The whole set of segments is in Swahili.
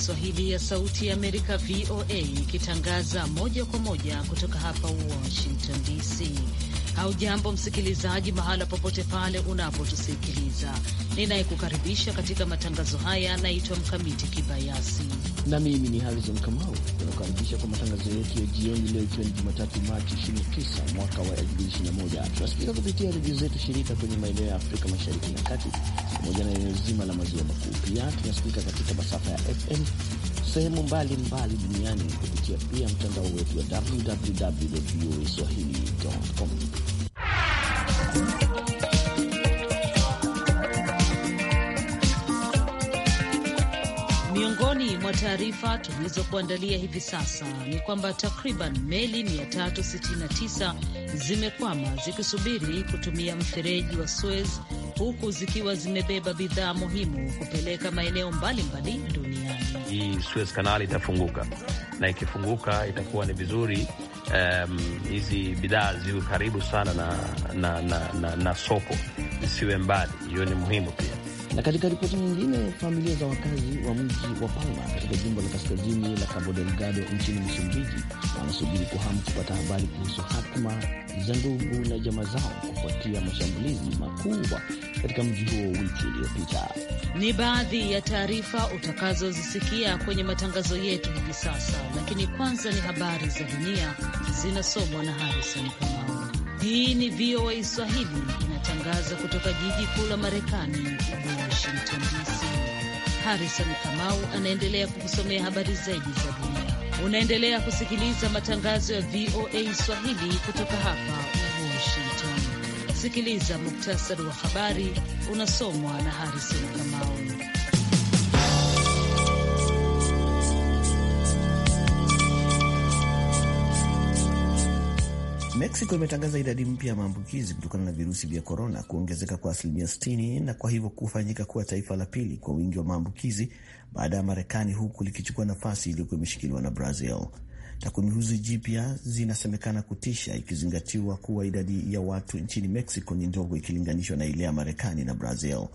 Kiswahili ya Sauti ya Amerika, VOA, ikitangaza moja kwa moja kutoka hapa Washington DC. Haujambo msikilizaji, mahala popote pale unapotusikiliza, ninayekukaribisha katika matangazo haya naitwa Mkamiti Kibayasi na mimi ni Harrison Kamau. Tunakaribisha kwa matangazo yetu ya jioni leo, ikiwa ni Jumatatu Machi 29 mwaka wa 2021. Tunasikika kupitia redio zetu shirika kwenye maeneo ya Afrika Mashariki na Kati pamoja na eneo zima la maziwa makuu. Pia tunasikika katika masafa ya FM sehemu mbalimbali duniani kupitia pia mtandao wetu wa www voa swahili.com. Miongoni mwa taarifa tulizokuandalia hivi sasa ni kwamba takriban meli 369 zimekwama zikisubiri kutumia mfereji wa Suez huku zikiwa zimebeba bidhaa muhimu kupeleka maeneo mbalimbali duniani. Hii Suez Kanali itafunguka na ikifunguka itakuwa ni vizuri hizi um, bidhaa ziwe karibu sana na, na, na, na, na soko, zisiwe mbali. Hiyo ni muhimu pia. Na katika ripoti nyingine, familia za wakazi wa mji wa Palma katika jimbo la kaskazini la Cabo Delgado nchini Msumbiji wanasubiri kwa hamu kupata habari kuhusu hatima za ndugu na jamaa zao kufuatia mashambulizi makubwa katika mji huo wiki iliyopita. Ni baadhi ya taarifa utakazozisikia kwenye matangazo yetu hivi sasa, lakini kwanza ni habari za dunia zinasomwa na Harison Kamau. Hii ni VOA Swahili inatangaza kutoka jiji kuu la Marekani, Washington DC. Harrison Kamau anaendelea kukusomea habari zaidi za dunia. Unaendelea kusikiliza matangazo ya VOA Swahili kutoka hapa Washington. Sikiliza muktasari wa habari unasomwa na Harrison Kamau. Mexico imetangaza idadi mpya ya maambukizi kutokana na virusi vya korona kuongezeka kwa asilimia 60 na kwa hivyo kufanyika kuwa taifa la pili kwa wingi wa maambukizi baada ya Marekani, huku likichukua nafasi iliyokuwa imeshikiliwa na Brazil. Takwimu hizi jipya zinasemekana kutisha ikizingatiwa kuwa idadi ya watu nchini Mexico ni ndogo ikilinganishwa na ile ya Marekani na Brazil.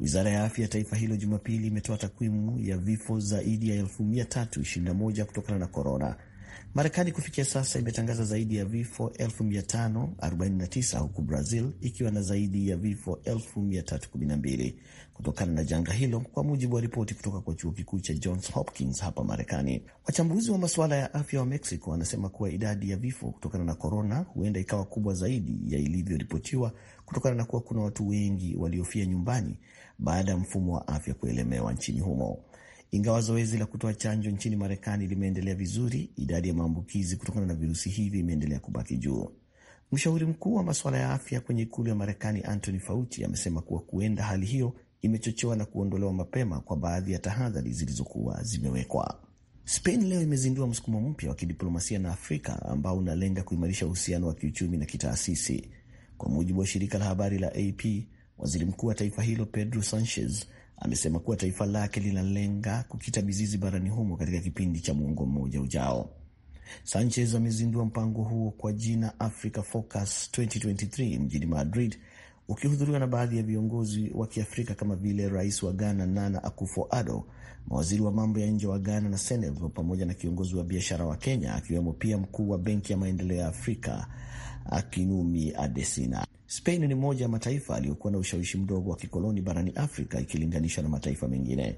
Wizara ya afya ya taifa hilo Jumapili imetoa takwimu ya vifo zaidi ya 321 kutokana na korona Marekani kufikia sasa imetangaza zaidi ya vifo 549 huku Brazil ikiwa na zaidi ya vifo 312 kutokana na janga hilo, kwa mujibu wa ripoti kutoka kwa chuo kikuu cha Johns Hopkins hapa Marekani. Wachambuzi wa masuala ya afya wa Mexico wanasema kuwa idadi ya vifo kutokana na korona huenda ikawa kubwa zaidi ya ilivyoripotiwa kutokana na kuwa kuna watu wengi waliofia nyumbani baada ya mfumo wa afya kuelemewa nchini humo. Ingawa zoezi la kutoa chanjo nchini Marekani limeendelea vizuri, idadi ya maambukizi kutokana na virusi hivi imeendelea kubaki juu. Mshauri mkuu wa masuala ya afya kwenye ikulu ya Marekani Anthony Fauci amesema kuwa kuenda hali hiyo imechochewa na kuondolewa mapema kwa baadhi ya tahadhari zilizokuwa zimewekwa. Spain leo imezindua msukumo mpya wa kidiplomasia na Afrika ambao unalenga kuimarisha uhusiano wa kiuchumi na kitaasisi. Kwa mujibu wa shirika la habari la AP, waziri mkuu wa taifa hilo Pedro Sanchez amesema kuwa taifa lake linalenga kukita mizizi barani humo katika kipindi cha muongo mmoja ujao. Sanchez amezindua mpango huo kwa jina Africa Focus 2023 mjini Madrid, ukihudhuriwa na baadhi ya viongozi wa Kiafrika kama vile rais wa Ghana Nana akufo ado mawaziri wa mambo ya nje wa Ghana na Senegal, pamoja na kiongozi wa biashara wa Kenya, akiwemo pia mkuu wa Benki ya Maendeleo ya Afrika Akinumi Adesina. Spain ni moja ya mataifa aliyokuwa na ushawishi mdogo wa kikoloni barani Afrika ikilinganishwa na mataifa mengine.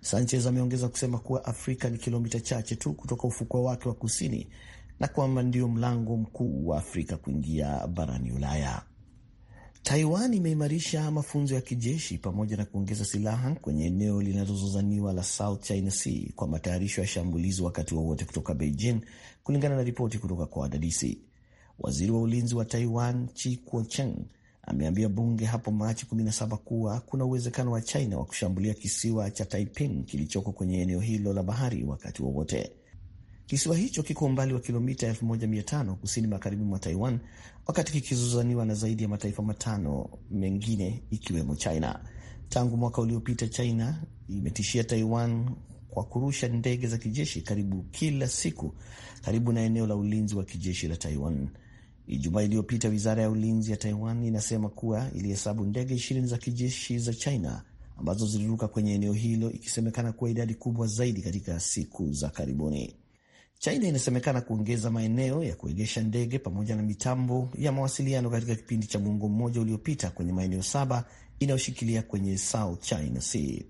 Sanchez ameongeza kusema kuwa Afrika ni kilomita chache tu kutoka ufukwa wake wa kusini na kwamba ndio mlango mkuu wa Afrika kuingia barani Ulaya. Taiwan imeimarisha mafunzo ya kijeshi pamoja na kuongeza silaha kwenye eneo linalozozaniwa la South China Sea kwa matayarisho ya shambulizi wakati wowote wa kutoka Beijing, kulingana na ripoti kutoka kwa wadadisi. Waziri wa ulinzi wa Taiwan Chi Kuo-cheng ameambia bunge hapo Machi 17 kuwa kuna uwezekano wa China wa kushambulia kisiwa cha Taiping kilichoko kwenye eneo hilo la bahari wakati wowote Kisiwa hicho kiko umbali wa kilomita 1500 kusini magharibi mwa Taiwan, wakati kikizuzaniwa na zaidi ya mataifa matano mengine ikiwemo China. Tangu mwaka uliopita, China imetishia Taiwan kwa kurusha ndege za kijeshi karibu kila siku karibu na eneo la ulinzi wa kijeshi la Taiwan. Ijumaa iliyopita wizara ya ulinzi ya Taiwan inasema kuwa ilihesabu ndege ishirini za kijeshi za China ambazo ziliruka kwenye eneo hilo, ikisemekana kuwa idadi kubwa zaidi katika siku za karibuni. China inasemekana kuongeza maeneo ya kuegesha ndege pamoja na mitambo ya mawasiliano katika kipindi cha mwongo mmoja uliopita kwenye maeneo saba inayoshikilia kwenye South China Sea.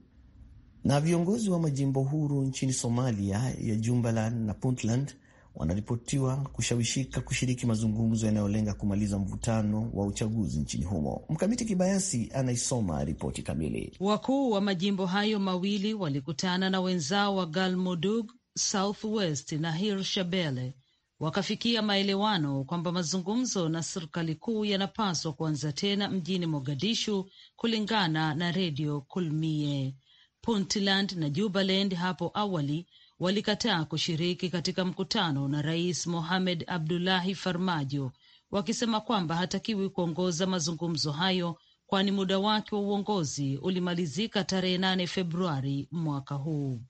Na viongozi wa majimbo huru nchini Somalia ya Jubaland na Puntland wanaripotiwa kushawishika kushiriki mazungumzo yanayolenga kumaliza mvutano wa uchaguzi nchini humo. Mkamiti Kibayasi anaisoma ripoti kamili. Wakuu wa majimbo hayo mawili walikutana na wenzao wa Galmudug, southwest na na Hirshabelle wakafikia maelewano kwamba mazungumzo na serikali kuu yanapaswa kuanza tena mjini Mogadishu, kulingana na redio Kulmie. Puntland na Jubaland hapo awali walikataa kushiriki katika mkutano na Rais Mohamed Abdullahi Farmajo, wakisema kwamba hatakiwi kuongoza mazungumzo hayo kwani muda wake wa uongozi ulimalizika tarehe nane Februari mwaka huu.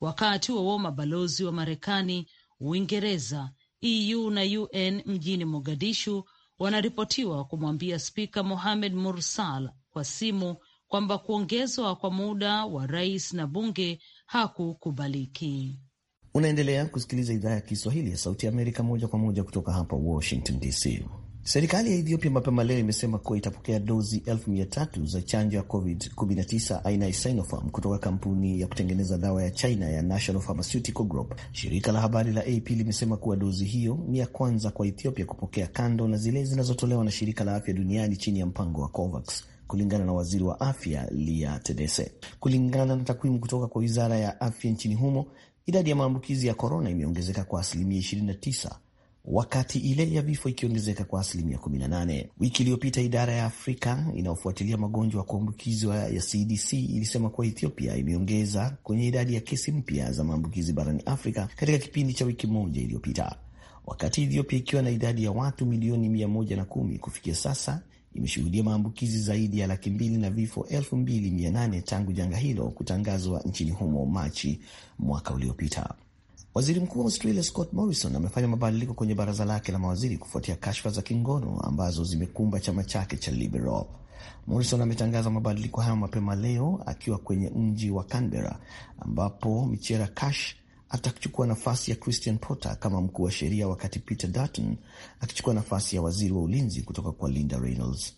Wakati huo mabalozi wa Marekani, Uingereza, EU na UN mjini Mogadishu wanaripotiwa kumwambia spika Mohamed Mursal kwa simu kwamba kuongezwa kwa muda wa rais na bunge hakukubaliki. Unaendelea kusikiliza idhaa ya Kiswahili ya Sauti ya Amerika moja kwa moja kutoka hapa Washington DC. Serikali ya Ethiopia mapema leo imesema kuwa itapokea dozi elfu mia tatu za chanjo ya COVID-19 aina ya Sinopharm kutoka kampuni ya kutengeneza dawa ya China ya National Pharmaceutical Group. Shirika la habari la AP limesema kuwa dozi hiyo ni ya kwanza kwa Ethiopia kupokea, kando na zile zinazotolewa na shirika la afya duniani chini ya mpango wa COVAX kulingana na waziri wa afya Lia Tedese. Kulingana na takwimu kutoka kwa wizara ya afya nchini humo, idadi ya maambukizi ya korona imeongezeka kwa asilimia 29 wakati ile ya vifo ikiongezeka kwa asilimia 18. Wiki iliyopita idara ya Afrika inayofuatilia magonjwa ya kuambukizwa ya CDC ilisema kuwa Ethiopia imeongeza kwenye idadi ya kesi mpya za maambukizi barani Afrika katika kipindi cha wiki moja iliyopita, wakati Ethiopia ikiwa na idadi ya watu milioni 110 kufikia sasa imeshuhudia maambukizi zaidi ya laki mbili na vifo elfu mbili mia nane tangu janga hilo kutangazwa nchini humo Machi mwaka uliopita. Waziri mkuu wa Australia Scott Morrison amefanya mabadiliko kwenye baraza lake la mawaziri kufuatia kashfa za kingono ambazo zimekumba chama chake cha Liberal. Morrison ametangaza mabadiliko hayo mapema leo akiwa kwenye mji wa Canberra, ambapo Michera Cash atachukua nafasi ya Christian potter kama mkuu wa sheria, wakati Peter Dutton akichukua nafasi ya waziri wa ulinzi kutoka kwa Linda Reynolds.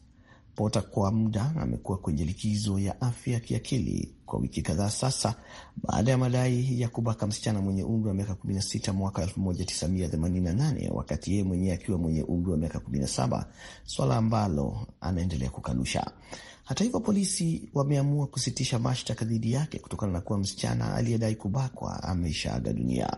Porter kwa muda amekuwa kwenye likizo ya afya ya kiakili kwa wiki kadhaa sasa baada ya madai ya kubaka msichana mwenye umri wa miaka 16 mwaka 1988 wakati yeye mwenyewe akiwa mwenye umri wa miaka 17, swala ambalo anaendelea kukanusha. Hata hivyo, polisi wameamua kusitisha mashtaka dhidi yake kutokana na kuwa msichana aliyedai kubakwa ameshaaga dunia.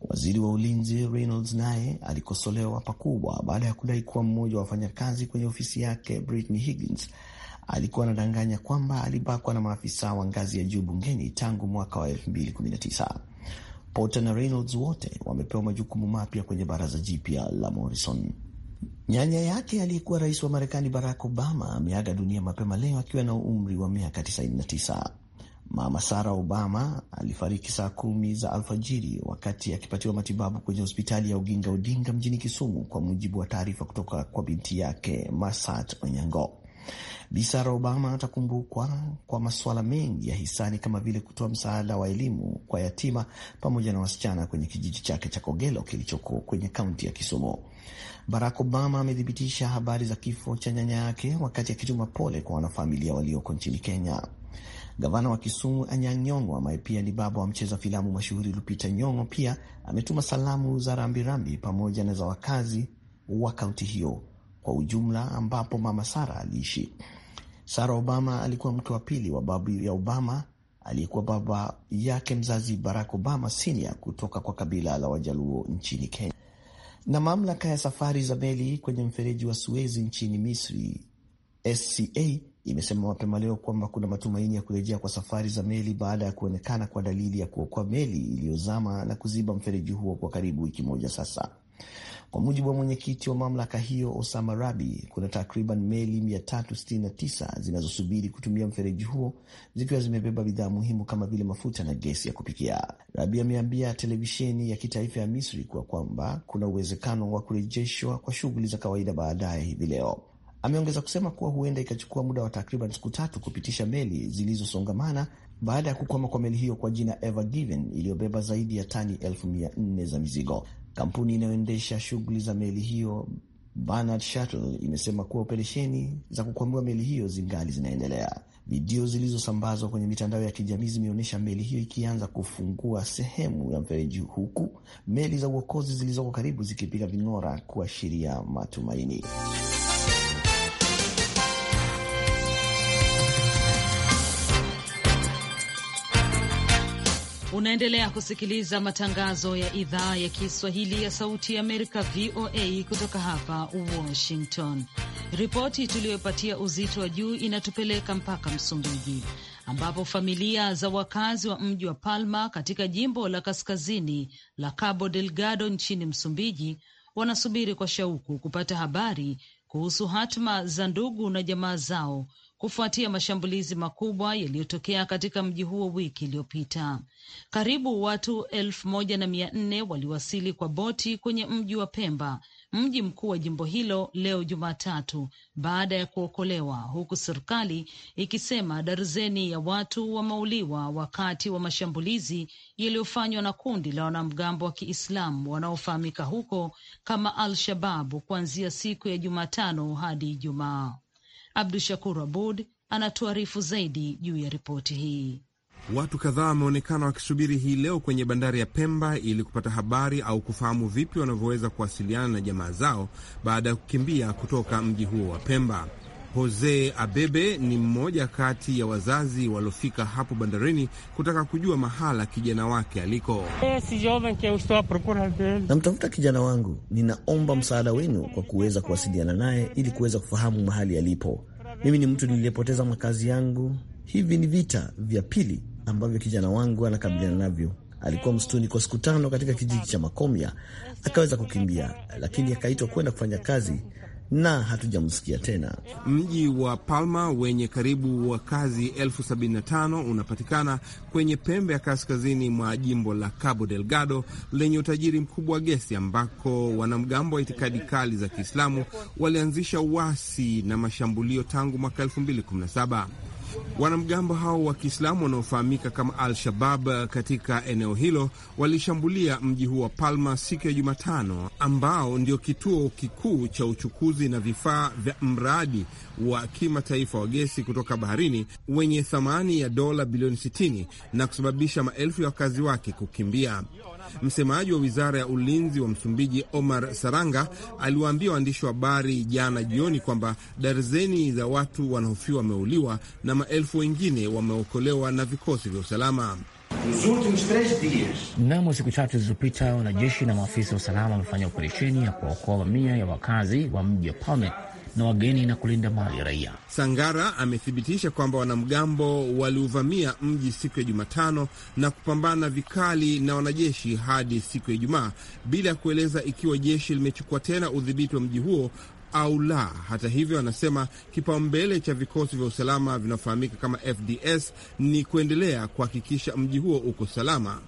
Waziri wa ulinzi Reynolds naye alikosolewa pakubwa baada ya kudai kuwa mmoja wa wafanyakazi kwenye ofisi yake Britney Higgins alikuwa anadanganya kwamba alibakwa na maafisa wa ngazi ya juu bungeni tangu mwaka wa 2019. Potter na Reynolds wote wamepewa majukumu mapya kwenye baraza jipya la Morrison. Nyanya yake aliyekuwa rais wa Marekani Barack Obama ameaga dunia mapema leo akiwa na umri wa miaka 99. Mama Sara Obama alifariki saa kumi za alfajiri wakati akipatiwa matibabu kwenye hospitali ya Oginga Odinga mjini Kisumu, kwa mujibu wa taarifa kutoka kwa binti yake Masat Onyango. Bi Sara Obama atakumbukwa kwa masuala mengi ya hisani kama vile kutoa msaada wa elimu kwa yatima pamoja na wasichana kwenye kijiji chake cha Kogelo kilichoko kwenye kaunti ya Kisumu. Barack Obama amethibitisha habari za kifo cha nyanya yake wakati akituma pole kwa wanafamilia walioko nchini Kenya. Gavana wa Kisumu Anyang' Nyong'o ambaye pia ni baba wa mcheza filamu mashuhuri Lupita Nyong'o pia ametuma salamu za rambirambi pamoja na za wakazi wa kaunti hiyo kwa ujumla, ambapo mama Sara aliishi. Sara Obama alikuwa mke wa pili wa babu ya Obama aliyekuwa baba yake mzazi Barack Obama Senior kutoka kwa kabila la Wajaluo nchini Kenya na mamlaka ya safari za meli kwenye mfereji wa Suezi nchini Misri SCA imesema mapema leo kwamba kuna matumaini ya kurejea kwa safari za meli baada ya kuonekana kwa dalili ya kuokoa meli iliyozama na kuziba mfereji huo kwa karibu wiki moja sasa. Kwa mujibu wa mwenyekiti wa mamlaka hiyo Osama Rabi, kuna takriban meli 369 zinazosubiri kutumia mfereji huo zikiwa zimebeba bidhaa muhimu kama vile mafuta na gesi ya kupikia. Rabi ameambia televisheni ya kitaifa ya Misri kuwa kwamba kuna uwezekano wa kurejeshwa kwa shughuli za kawaida baadaye hivi leo. Ameongeza kusema kuwa huenda ikachukua muda wa takriban siku tatu kupitisha meli zilizosongamana baada ya kukwama kwa meli hiyo kwa jina Ever Given iliyobeba zaidi ya tani elfu mia nne za mizigo. Kampuni inayoendesha shughuli za meli hiyo Bernard Shuttle imesema kuwa operesheni za kukwamua meli hiyo zingali zinaendelea. Video zilizosambazwa kwenye mitandao ya kijamii zimeonyesha meli hiyo ikianza kufungua sehemu ya mfereji, huku meli za uokozi zilizoko karibu zikipiga ving'ora kuashiria matumaini. Unaendelea kusikiliza matangazo ya idhaa ya Kiswahili ya Sauti ya Amerika, VOA, kutoka hapa Washington. Ripoti tuliyopatia uzito wa juu inatupeleka mpaka Msumbiji, ambapo familia za wakazi wa mji wa Palma katika jimbo la kaskazini la Cabo Delgado nchini Msumbiji wanasubiri kwa shauku kupata habari kuhusu hatma za ndugu na jamaa zao kufuatia mashambulizi makubwa yaliyotokea katika mji huo wiki iliyopita. Karibu watu elfu moja na mia nne waliwasili kwa boti kwenye mji wa Pemba, mji mkuu wa jimbo hilo leo Jumatatu, baada ya kuokolewa, huku serikali ikisema darzeni ya watu wameuliwa wakati wa mashambulizi yaliyofanywa na kundi la wanamgambo wa Kiislamu wanaofahamika huko kama Al Shababu kuanzia siku ya Jumatano hadi Ijumaa. Abdu Shakur Abud anatuarifu zaidi juu ya ripoti hii. Watu kadhaa wameonekana wakisubiri hii leo kwenye bandari ya Pemba ili kupata habari au kufahamu vipi wanavyoweza kuwasiliana na jamaa zao baada ya kukimbia kutoka mji huo wa Pemba. Jose Abebe ni mmoja kati ya wazazi waliofika hapo bandarini kutaka kujua mahala kijana wake aliko. Eh, Namtafuta kijana wangu, ninaomba msaada wenu kwa kuweza kuwasiliana naye ili kuweza kufahamu mahali alipo. Mimi ni mtu niliyepoteza makazi yangu. Hivi ni vita vya pili ambavyo kijana wangu anakabiliana navyo. Alikuwa msituni kwa siku tano katika kijiji cha Makomya, akaweza kukimbia, lakini akaitwa kwenda kufanya kazi na hatujamsikia tena. Mji wa Palma wenye karibu wakazi elfu sabini na tano unapatikana kwenye pembe ya kaskazini mwa jimbo la Cabo Delgado lenye utajiri mkubwa wa gesi, ambako wanamgambo wa itikadi kali za Kiislamu walianzisha uasi na mashambulio tangu mwaka elfu mbili kumi na saba. Wanamgambo hao wa Kiislamu wanaofahamika kama Al-Shabab katika eneo hilo walishambulia mji huu wa Palma siku ya Jumatano, ambao ndio kituo kikuu cha uchukuzi na vifaa vya mradi wa kimataifa wa gesi kutoka baharini wenye thamani ya dola bilioni 60 na kusababisha maelfu ya wakazi wake kukimbia. Msemaji wa wizara ya ulinzi wa Msumbiji, Omar Saranga, aliwaambia waandishi wa habari jana jioni kwamba darzeni za watu wanahofiwa wameuliwa na maelfu wengine wameokolewa na vikosi vya usalama. Mnamo siku tatu zilizopita, wanajeshi na maafisa wa usalama wamefanya operesheni ya kuwaokoa mamia ya wakazi wa mji wa Palme na wageni na kulinda mali ya raia. Sangara amethibitisha kwamba wanamgambo waliuvamia mji siku ya Jumatano na kupambana vikali na wanajeshi hadi siku ya Ijumaa bila ya kueleza ikiwa jeshi limechukua tena udhibiti wa mji huo au la. Hata hivyo, anasema kipaumbele cha vikosi vya usalama vinaofahamika kama FDS ni kuendelea kuhakikisha mji huo uko salama.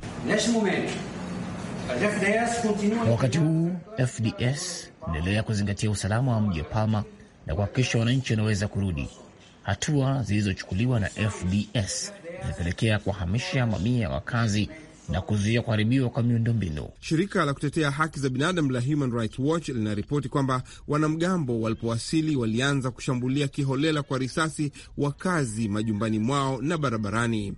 wakati huu FDS inaendelea kuzingatia usalama wa mji wa Palma na kuhakikisha wananchi wanaweza kurudi. Hatua zilizochukuliwa na FDS zimepelekea kuwahamisha mamia ya wakazi na kuzuia kuharibiwa kwa miundombinu. Shirika la kutetea haki za binadamu la Human Rights Watch linaripoti kwamba wanamgambo walipowasili walianza kushambulia kiholela kwa risasi wakazi majumbani mwao na barabarani.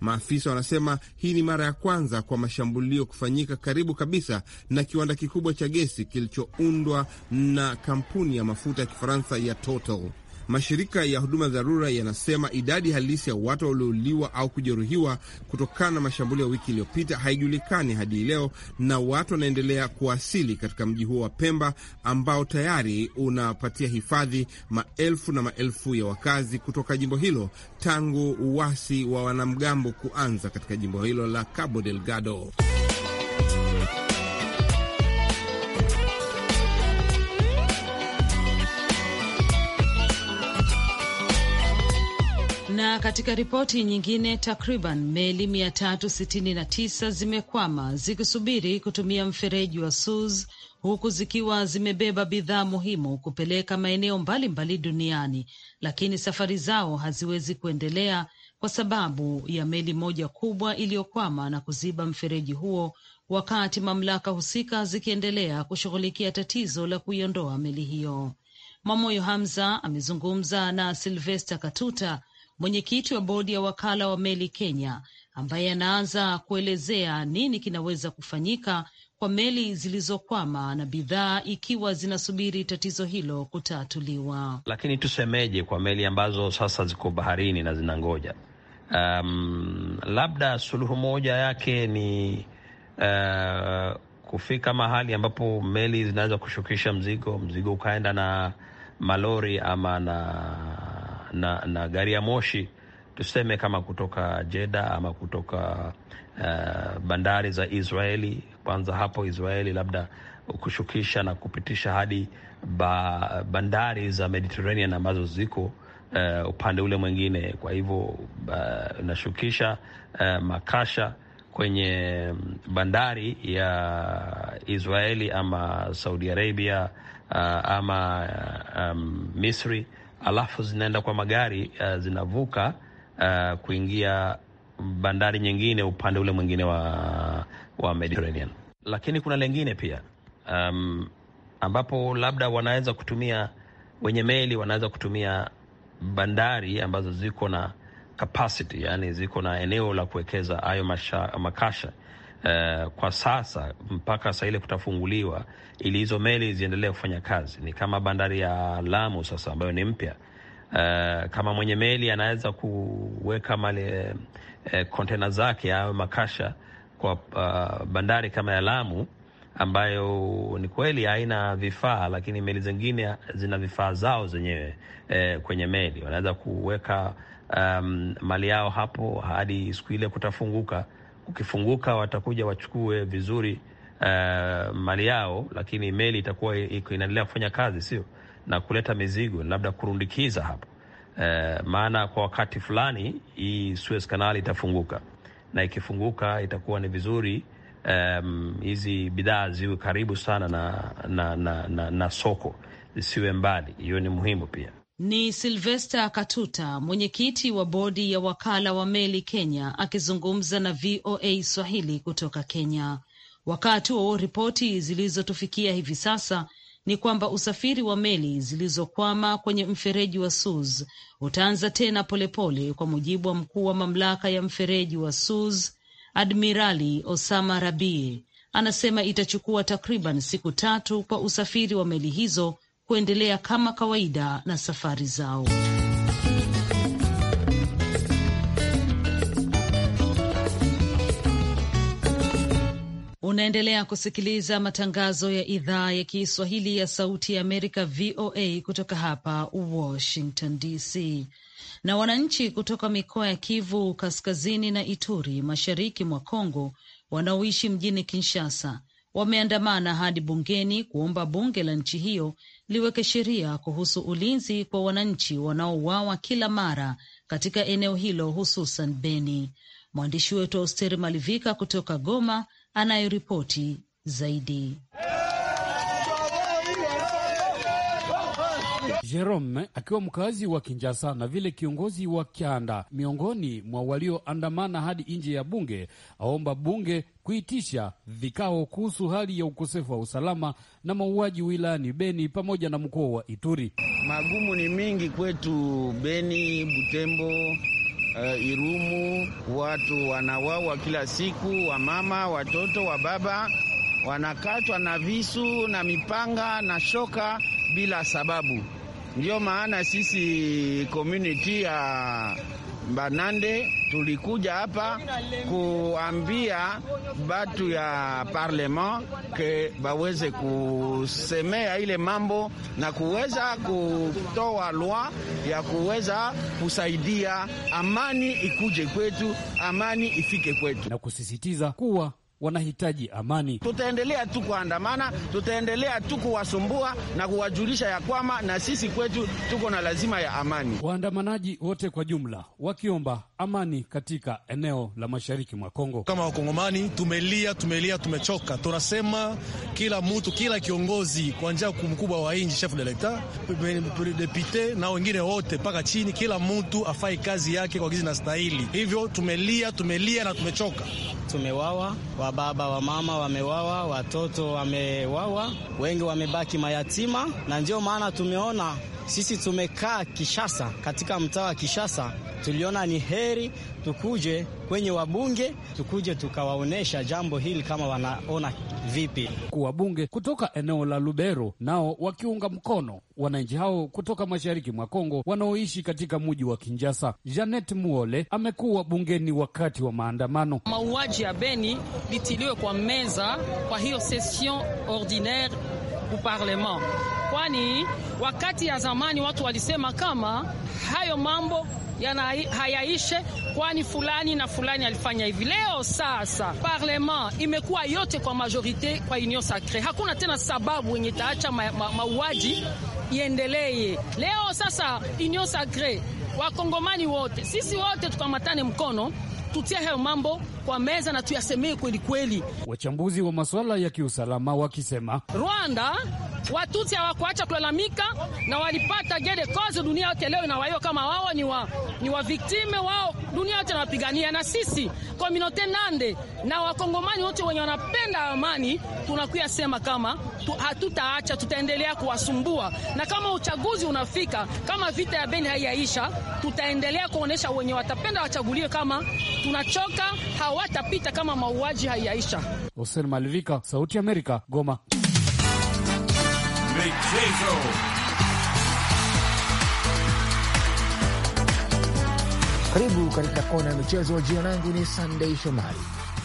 Maafisa wanasema hii ni mara ya kwanza kwa mashambulio kufanyika karibu kabisa na kiwanda kikubwa cha gesi kilichoundwa na kampuni ya mafuta ya Kifaransa ya Total. Mashirika ya huduma dharura yanasema idadi halisi ya watu waliouliwa au kujeruhiwa kutokana na mashambulio ya wiki iliyopita haijulikani hadi leo, na watu wanaendelea kuwasili katika mji huo wa Pemba ambao tayari unapatia hifadhi maelfu na maelfu ya wakazi kutoka jimbo hilo tangu uasi wa wanamgambo kuanza katika jimbo hilo la Cabo Delgado. Na katika ripoti nyingine, takriban meli 369 zimekwama zikisubiri kutumia mfereji wa Suez huku zikiwa zimebeba bidhaa muhimu kupeleka maeneo mbalimbali duniani, lakini safari zao haziwezi kuendelea kwa sababu ya meli moja kubwa iliyokwama na kuziba mfereji huo, wakati mamlaka husika zikiendelea kushughulikia tatizo la kuiondoa meli hiyo. Mwamoyo Hamza amezungumza na Silvesta Katuta mwenyekiti wa bodi ya wakala wa meli Kenya, ambaye anaanza kuelezea nini kinaweza kufanyika kwa meli zilizokwama na bidhaa ikiwa zinasubiri tatizo hilo kutatuliwa. Lakini tusemeje kwa meli ambazo sasa ziko baharini na zinangoja? Um, labda suluhu moja yake ni uh, kufika mahali ambapo meli zinaweza kushukisha mzigo, mzigo ukaenda na malori ama na na, na gari ya moshi tuseme kama kutoka Jeda ama kutoka uh, bandari za Israeli. Kwanza hapo Israeli, labda kushukisha na kupitisha hadi ba, bandari za Mediterranean ambazo ziko uh, upande ule mwingine. Kwa hivyo uh, nashukisha uh, makasha kwenye bandari ya Israeli ama Saudi Arabia uh, ama um, Misri alafu zinaenda kwa magari uh, zinavuka uh, kuingia bandari nyingine upande ule mwingine wa, wa Mediterranean. Lakini kuna lengine pia um, ambapo labda wanaweza kutumia wenye meli wanaweza kutumia bandari ambazo ziko na capacity, yani ziko na eneo la kuwekeza hayo makasha uh, kwa sasa mpaka saa ile kutafunguliwa, ili hizo meli ziendelee kufanya kazi. Ni kama bandari ya Lamu sasa ambayo ni mpya. Uh, kama mwenye meli anaweza kuweka male eh, kontena uh, zake au makasha kwa uh, bandari kama ya Lamu ambayo ni kweli haina vifaa, lakini meli zingine zina vifaa zao zenyewe eh, kwenye meli wanaweza kuweka um, mali yao hapo hadi siku ile kutafunguka ukifunguka watakuja wachukue vizuri uh, mali yao, lakini meli itakuwa inaendelea kufanya kazi, sio na kuleta mizigo, labda kurundikiza hapo uh, maana kwa wakati fulani hii Suez Canal itafunguka, na ikifunguka itakuwa ni vizuri hizi um, bidhaa ziwe karibu sana na, na, na, na, na soko zisiwe mbali. Hiyo ni muhimu pia. Ni Silvesta Katuta, mwenyekiti wa bodi ya wakala wa meli Kenya, akizungumza na VOA Swahili kutoka Kenya. Wakati wa ripoti zilizotufikia hivi sasa ni kwamba usafiri wa meli zilizokwama kwenye mfereji wa Suez utaanza tena polepole pole, kwa mujibu wa mkuu wa mamlaka ya mfereji wa Suez Admirali Osama Rabie anasema itachukua takriban siku tatu kwa usafiri wa meli hizo kuendelea kama kawaida na safari zao. Unaendelea kusikiliza matangazo ya idhaa ya Kiswahili ya Sauti ya Amerika, VOA, kutoka hapa Washington DC. Na wananchi kutoka mikoa ya Kivu Kaskazini na Ituri, mashariki mwa Kongo, wanaoishi mjini Kinshasa wameandamana hadi bungeni kuomba bunge la nchi hiyo liweke sheria kuhusu ulinzi kwa wananchi wanaouawa kila mara katika eneo hilo hususan Beni. Mwandishi wetu wa Austeri Malivika kutoka Goma anayeripoti zaidi. Jerome akiwa mkazi wa Kinjasa na vile kiongozi wa Kyanda miongoni mwa walioandamana hadi nje ya bunge, aomba bunge kuitisha vikao kuhusu hali ya ukosefu wa usalama na mauaji wilayani Beni pamoja na mkoa wa Ituri. Magumu ni mingi kwetu Beni, Butembo, Uh, Irumu, watu wanawawa kila siku, wamama, watoto, wa baba wanakatwa na visu na mipanga na shoka bila sababu ndio maana sisi community ya Banande tulikuja hapa kuambia batu ya parlement ke baweze kusemea ile mambo na kuweza kutoa lwa ya kuweza kusaidia amani ikuje kwetu, amani ifike kwetu na kusisitiza kuwa wanahitaji amani. Tutaendelea tu kuandamana, tutaendelea tu kuwasumbua na kuwajulisha ya kwamba na sisi kwetu tuko na lazima ya amani. Waandamanaji wote kwa jumla wakiomba amani katika eneo la mashariki mwa Kongo. Kama Wakongomani tumelia, tumelia, tumechoka. Tunasema kila mtu, kila kiongozi kuanzia mkubwa wa nji chef de l'etat, depute na wengine wote mpaka chini, kila mtu afai kazi yake kwa gizi na stahili. Hivyo tumelia, tumelia na tumechoka, tumewawa wa baba wa mama wamewawa, watoto wamewawa, wengi wamebaki mayatima, na ndio maana tumeona sisi tumekaa Kishasa, katika mtaa wa Kishasa, tuliona ni heri tukuje kwenye wabunge, tukuje tukawaonyesha jambo hili kama wanaona vipi. Wabunge kutoka eneo la Lubero nao wakiunga mkono wananchi hao kutoka mashariki mwa Kongo wanaoishi katika mji wa kinjasa Janet Muole amekuwa bungeni wakati wa maandamano. Mauaji ya Beni litiliwe kwa meza, kwa hiyo session ordinaire au parlement zamani, wakati ya zamani watu walisema kama hayo mambo yana hayaishe, kwani fulani na fulani alifanya hivi. Leo sasa parlema imekuwa yote kwa majorite, kwa union sacre, hakuna tena sababu yenye taacha mauaji ma, ma iendelee. Leo sasa union sacre, wakongomani wote sisi wote tukamatane mkono, tutie hayo mambo kwa meza na tuyasemee kweli kweli. Wachambuzi wa masuala ya kiusalama wakisema Rwanda Watutsi hawakuacha kulalamika na walipata gede koze dunia yote leo inawaiwa kama wao ni wa, ni wa viktime wao, dunia yote anawapigania. Na sisi kominote nande na wakongomani wote wenye wanapenda amani tunakuya sema kama tu, hatutaacha tutaendelea kuwasumbua, na kama uchaguzi unafika, kama vita ya Beni haiyaisha, tutaendelea kuonyesha wenye watapenda wachaguliwe kama tunachoka hawatapita kama mauaji hayaisha. Hosen Malivika, Sauti Amerika, Goma. Michezo. Karibu katika kona ya michezo. Jina langu ni Sandei Shomari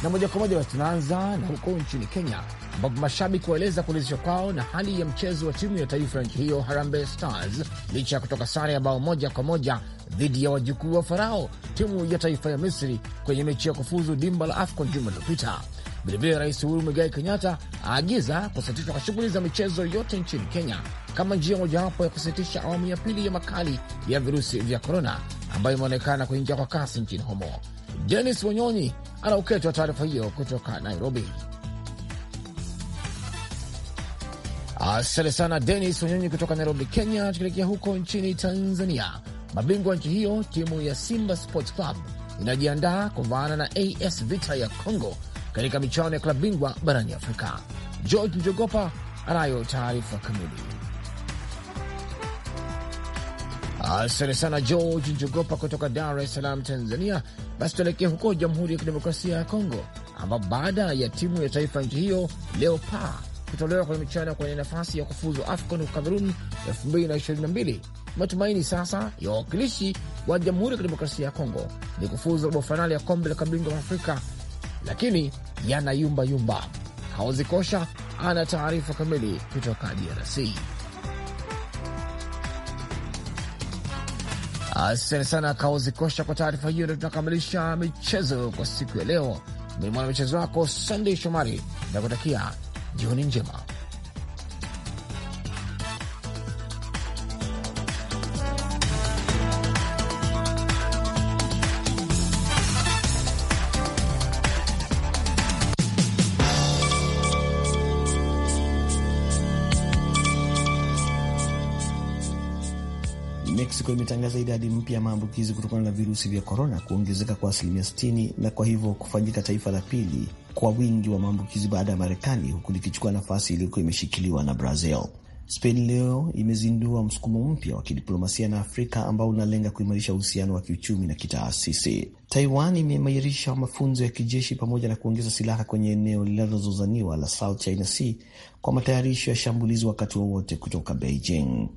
na moja kwa moja tunaanza na huko nchini Kenya ambapo mashabiki waeleza kuridhishwa kwao na hali ya mchezo wa timu ya taifa ya nchi hiyo Harambee Stars licha ya kutoka sare ya bao moja kwa moja dhidi ya wajukuu wa Farao, timu ya taifa ya Misri, kwenye mechi ya kufuzu dimba la AFCON juma lililopita. Vilevile Rais Uhuru Muigai Kenyatta aagiza kusitishwa kwa shughuli za michezo yote nchini Kenya kama njia mojawapo ya kusitisha awamu ya pili ya makali ya virusi vya korona ambayo imeonekana kuingia kwa kasi nchini humo. Denis Wanyonyi anauketwa taarifa hiyo kutoka Nairobi. Asante sana Denis Wanyonyi kutoka Nairobi, Kenya. Tukielekea huko nchini Tanzania, mabingwa nchi hiyo timu ya Simba Sports Club inajiandaa kuvaana na AS Vita ya Congo katika michuano ya klabu bingwa barani Afrika. George Njogopa anayo taarifa kamili. Asante sana George Njogopa kutoka Dar es Salaam, Tanzania. Basi tuelekee huko Jamhuri ya Kidemokrasia ya Kongo, ambapo baada ya timu ya taifa nchi hiyo Leopard kutolewa kwenye michano kwenye nafasi ya kufuzu AFCON huko Kamerun 2022. Matumaini sasa ya wawakilishi wa Jamhuri ya Kidemokrasia ya Kongo ni kufuzu robo fainali ya kombe la mabingwa wa Afrika, lakini yana yumba yumba. Haozi Kosha ana taarifa kamili kutoka DRC. Asante sana Kaozi Kosha kwa taarifa hiyo. Ndo tunakamilisha michezo kwa siku ya leo. Mimi mwana michezo wako Sandey Shomari nakutakia 有人进来。ilikuwa imetangaza idadi mpya ya maambukizi kutokana na virusi vya korona kuongezeka kwa asilimia 60 na kwa hivyo kufanyika taifa la pili kwa wingi wa maambukizi baada ya Marekani, huku likichukua nafasi iliyokuwa imeshikiliwa na Brazil. Spain leo imezindua msukumo mpya wa kidiplomasia na Afrika ambao unalenga kuimarisha uhusiano wa kiuchumi na kitaasisi. Taiwan imeimarisha mafunzo ya kijeshi pamoja na kuongeza silaha kwenye eneo linalozozaniwa la South China Sea kwa matayarisho ya shambulizi wakati wowote wa kutoka Beijing.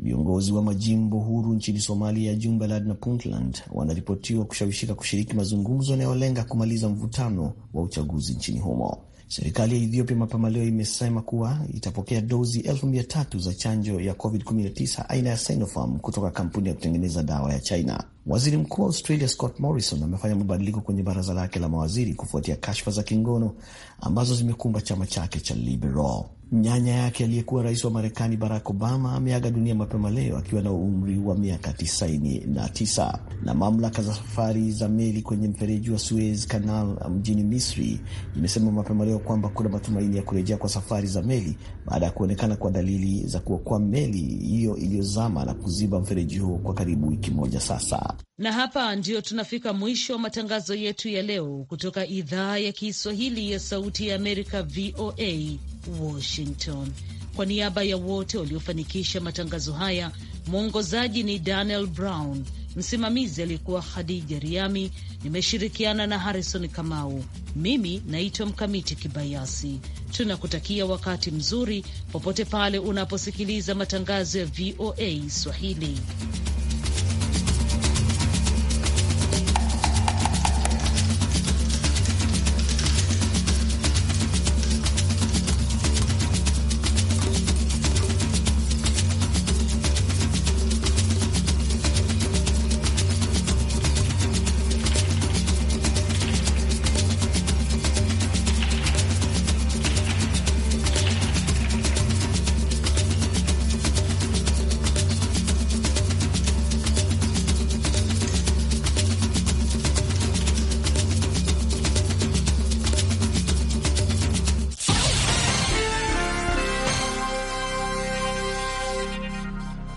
Viongozi wa majimbo huru nchini Somalia ya Jubaland na Puntland wanaripotiwa kushawishika kushiriki mazungumzo yanayolenga kumaliza mvutano wa uchaguzi nchini humo. Serikali ya Ethiopia mapema leo imesema kuwa itapokea dozi elfu mia tatu za chanjo ya COVID-19 aina ya Sinopharm kutoka kampuni ya kutengeneza dawa ya China. Waziri Mkuu wa Australia Scott Morrison amefanya mabadiliko kwenye baraza lake la mawaziri kufuatia kashfa za kingono ambazo zimekumba chama chake cha Liberal. Nyanya yake aliyekuwa rais wa Marekani Barack Obama ameaga dunia mapema leo akiwa na umri wa miaka 99. Na, na mamlaka za safari za meli kwenye mfereji wa Suez Canal um, mjini Misri imesema mapema leo kwamba kuna matumaini ya kurejea kwa safari za meli baada ya kuonekana kwa dalili za kuokoa meli hiyo iliyozama na kuziba mfereji huo kwa karibu wiki moja sasa. Na hapa ndio tunafika mwisho wa matangazo yetu ya leo kutoka idhaa ya Kiswahili ya Sauti ya Amerika, VOA. Washington. Kwa niaba ya wote waliofanikisha matangazo haya, mwongozaji ni Daniel Brown, msimamizi aliyekuwa Khadija Riami. Nimeshirikiana na Harrison Kamau. Mimi naitwa Mkamiti Kibayasi. Tunakutakia wakati mzuri popote pale unaposikiliza matangazo ya VOA Swahili.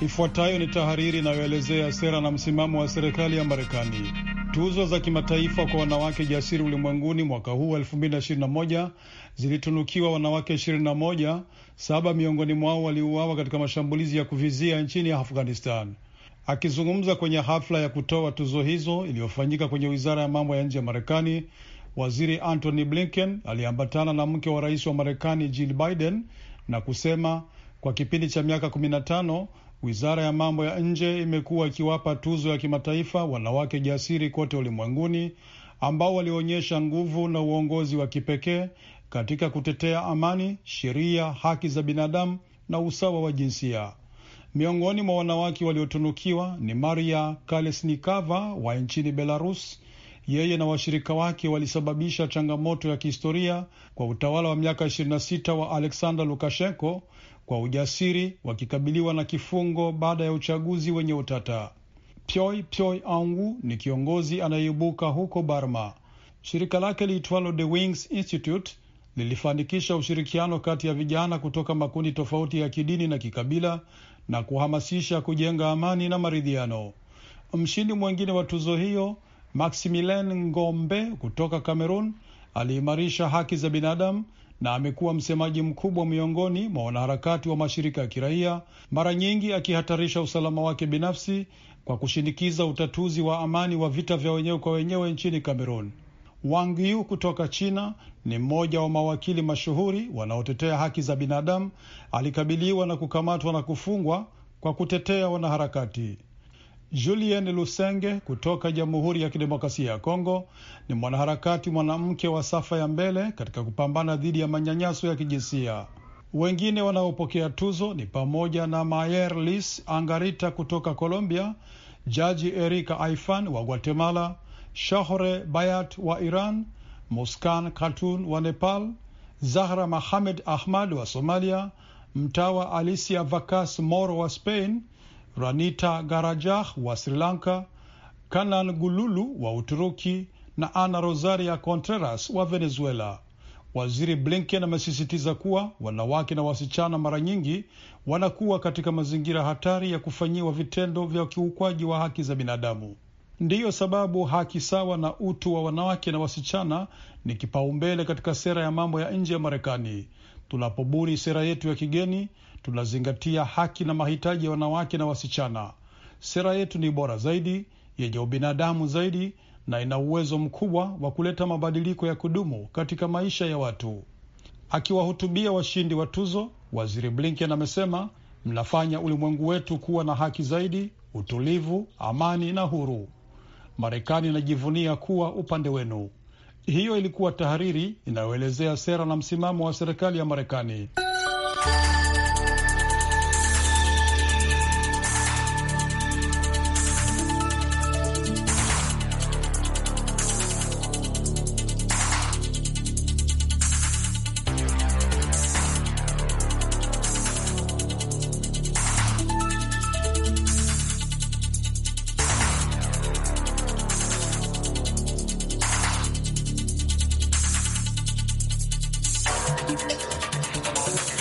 Ifuatayo ni tahariri inayoelezea sera na msimamo wa serikali ya Marekani. Tuzo za kimataifa kwa wanawake jasiri ulimwenguni mwaka huu 2021 zilitunukiwa wanawake 21. Saba miongoni mwao waliuawa katika mashambulizi ya kuvizia nchini Afghanistan. Akizungumza kwenye hafla ya kutoa tuzo hizo iliyofanyika kwenye wizara ya mambo ya nje ya Marekani, waziri Antony Blinken aliambatana na mke wa rais wa Marekani Jill Biden na kusema kwa kipindi cha miaka 15 Wizara ya mambo ya nje imekuwa ikiwapa tuzo ya kimataifa wanawake jasiri kote ulimwenguni ambao walionyesha nguvu na uongozi wa kipekee katika kutetea amani, sheria, haki za binadamu na usawa wa jinsia. Miongoni mwa wanawake waliotunukiwa ni Maria Kalesnikava wa nchini Belarus. Yeye na washirika wake walisababisha changamoto ya kihistoria kwa utawala wa miaka 26 wa Alexander Lukashenko kwa ujasiri wakikabiliwa na kifungo baada ya uchaguzi wenye utata. Pyoi Pyoi Angu ni kiongozi anayeibuka huko barma Shirika lake liitwalo The Wings Institute lilifanikisha ushirikiano kati ya vijana kutoka makundi tofauti ya kidini na kikabila na kuhamasisha kujenga amani na maridhiano. Mshindi mwengine wa tuzo hiyo Maximilien Ngombe kutoka Cameroon aliimarisha haki za binadamu na amekuwa msemaji mkubwa miongoni mwa wanaharakati wa mashirika ya kiraia, mara nyingi akihatarisha usalama wake binafsi kwa kushinikiza utatuzi wa amani wa vita vya wenyewe kwa wenyewe nchini cameroon Wang Yu kutoka China ni mmoja wa mawakili mashuhuri wanaotetea haki za binadamu. Alikabiliwa na kukamatwa na kufungwa kwa kutetea wanaharakati. Julien Lusenge kutoka Jamhuri ya Kidemokrasia ya Kongo ni mwanaharakati mwanamke wa safa ya mbele katika kupambana dhidi ya manyanyaso ya kijinsia. Wengine wanaopokea tuzo ni pamoja na Mayer Lis Angarita kutoka Colombia, Jaji Erika Aifan wa Guatemala, Shahore Bayat wa Iran, Muskan Katun wa Nepal, Zahra mahamed Ahmad wa Somalia, mtawa Alicia Vacas Moro wa Spain Ranita Garajah wa Sri Lanka, Kanan Gululu wa Uturuki na Ana Rosaria Contreras wa Venezuela. Waziri Blinken amesisitiza kuwa wanawake na wasichana mara nyingi wanakuwa katika mazingira hatari ya kufanyiwa vitendo vya ukiukwaji wa haki za binadamu. Ndiyo sababu haki sawa na utu wa wanawake na wasichana ni kipaumbele katika sera ya mambo ya nje ya Marekani. Tunapobuni sera yetu ya kigeni, tunazingatia haki na mahitaji ya wanawake na wasichana. Sera yetu ni bora zaidi, yenye ubinadamu zaidi, na ina uwezo mkubwa wa kuleta mabadiliko ya kudumu katika maisha ya watu. Akiwahutubia washindi wa tuzo, Waziri Blinken amesema mnafanya ulimwengu wetu kuwa na haki zaidi, utulivu, amani na huru. Marekani inajivunia kuwa upande wenu. Hiyo ilikuwa tahariri inayoelezea sera na msimamo wa serikali ya Marekani.